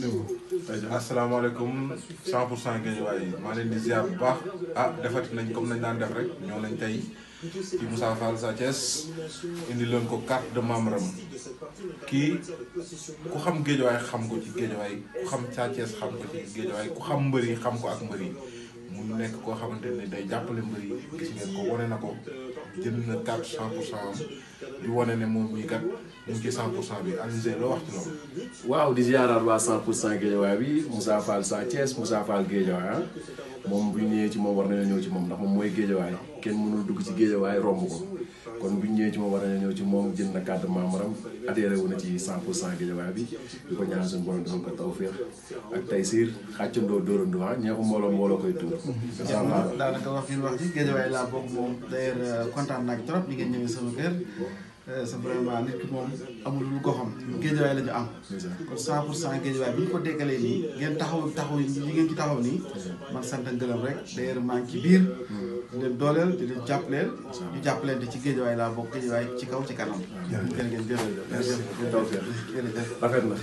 nëbbu. asalaamaaleykum 100 pour cent Guédiawaye maa leen di ziar bu baax ah defati nañ comme nañ daan def rek ñoo nañ tey ci Moussa Fall indi leen ko carte de membre am kii ku xam Guédiawaye xam ko ci Guédiawaye ku xam sa Thiès xam ko ci Guédiawaye ku xam mbër yi xam ko ak mbër yi mu nekk koo xamante ne day jàppale mbër yi gis ko wane na ko jënd na carte 100 pour cent am. di wane ne moom mii kat ñu ngi ci 100 pour cent bi Alizé loo wax ci loolu. waaw di ziaraat waa 100 pour cent Guédiawaye bi Moussa Fall sa Thiès Moussa Fall Guédiawaye ah moom bu moom war nañoo ñëw ci moom ndax dugg ci Guédiawaye romb ko kon bu ñu ñëwee ci moom war nañoo ñëw ci moom jënd na carte membre am adhéré na ci san pour cent Guédiawaye bi di ko ñaan suñu borom defal ko tawféex ak taysiir xàccandoo dóorandoo ah ñeexu mbooloo mbooloo koy tuur. incha allah daanaka wax fi wax ci Guédiawaye laa bokk moom d'ailleurs kontaan naa trop Euh, sa vraiment nit ki moom amul lu goxam géejawaay la ñu am kon cent pour cent géejawaay bi ñu ko dekkalee nii ngeen taxaw taxaw yi ngeen ci taxaw nii man sant ngërëm rek d'ailleurs maa ngi ci biir di leen dooleel di leen jàppaleel ñu jàppaleente ci géejawaay laa bokk géejawaay ci kaw ci kanam jërë ngeen jërëjëf jërëjëf rafet na